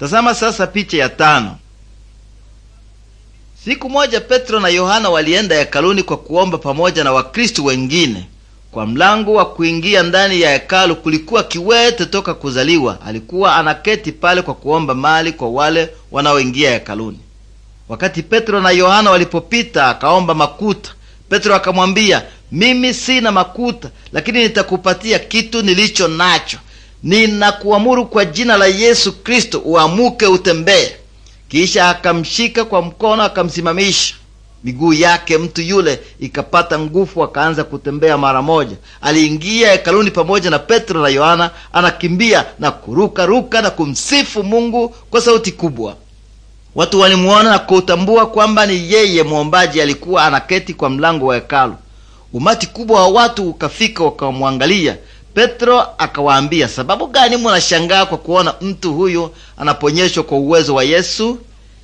Tazama sasa picha ya tano. Siku moja Petro na Yohana walienda hekaluni kwa kuomba pamoja na Wakristo wengine. Kwa mlango wa kuingia ndani ya hekalu kulikuwa kiwete toka kuzaliwa. Alikuwa anaketi pale kwa kuomba mali kwa wale wanaoingia hekaluni. Wakati Petro na Yohana walipopita, akaomba makuta. Petro akamwambia, mimi sina makuta, lakini nitakupatia kitu nilicho nacho ninakuamuru kwa jina la Yesu Kristo uamuke utembee. Kisha akamshika kwa mkono akamsimamisha. Miguu yake mtu yule ikapata nguvu, akaanza kutembea mara moja. Aliingia hekaluni pamoja na Petro na Yohana, anakimbia na kuruka ruka na kumsifu Mungu kwa sauti kubwa. Watu walimuona na kutambua kwamba ni yeye mwombaji alikuwa anaketi kwa mlango wa hekalu. Umati kubwa wa watu ukafika wakamwangalia, Petro akawaambia, sababu gani munashangaa kwa kuona mtu huyu anaponyeshwa kwa uwezo wa Yesu?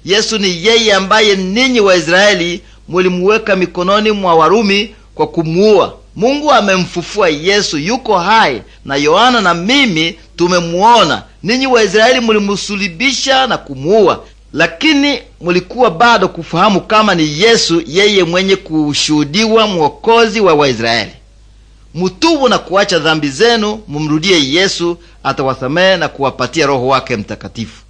Yesu ni yeye ambaye ninyi Waisraeli mulimuweka mikononi mwa Warumi kwa kumuua. Mungu amemfufua Yesu, yuko hai, na Yohana na mimi tumemuona. Ninyi Waisraeli mulimusulibisha na kumuua, lakini mulikuwa bado kufahamu kama ni Yesu yeye mwenye kushuhudiwa mwokozi wa Waisraeli mutubu na kuacha dhambi zenu, mumrudie Yesu, atawasamehe na kuwapatia Roho wake Mtakatifu.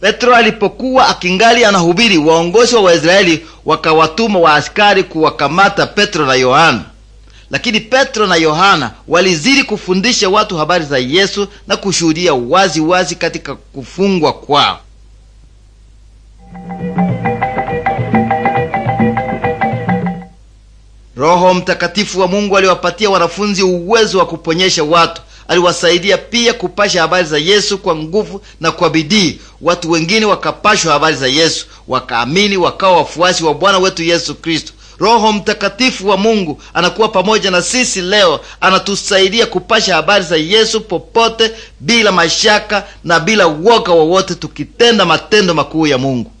Petro alipokuwa akingali anahubiri, waongozi wa Waisraeli wakawatuma waaskari kuwakamata Petro na Yohana, lakini Petro na Yohana walizidi kufundisha watu habari za Yesu na kushuhudia wazi wazi katika kufungwa kwao. Roho Mtakatifu wa Mungu aliwapatia wanafunzi uwezo wa kuponyesha watu. Aliwasaidia pia kupasha habari za Yesu kwa nguvu na kwa bidii. Watu wengine wakapashwa habari za Yesu, wakaamini, wakawa wafuasi wa Bwana wetu Yesu Kristo. Roho Mtakatifu wa Mungu anakuwa pamoja na sisi leo, anatusaidia kupasha habari za Yesu popote, bila mashaka na bila woga wowote, tukitenda matendo makuu ya Mungu.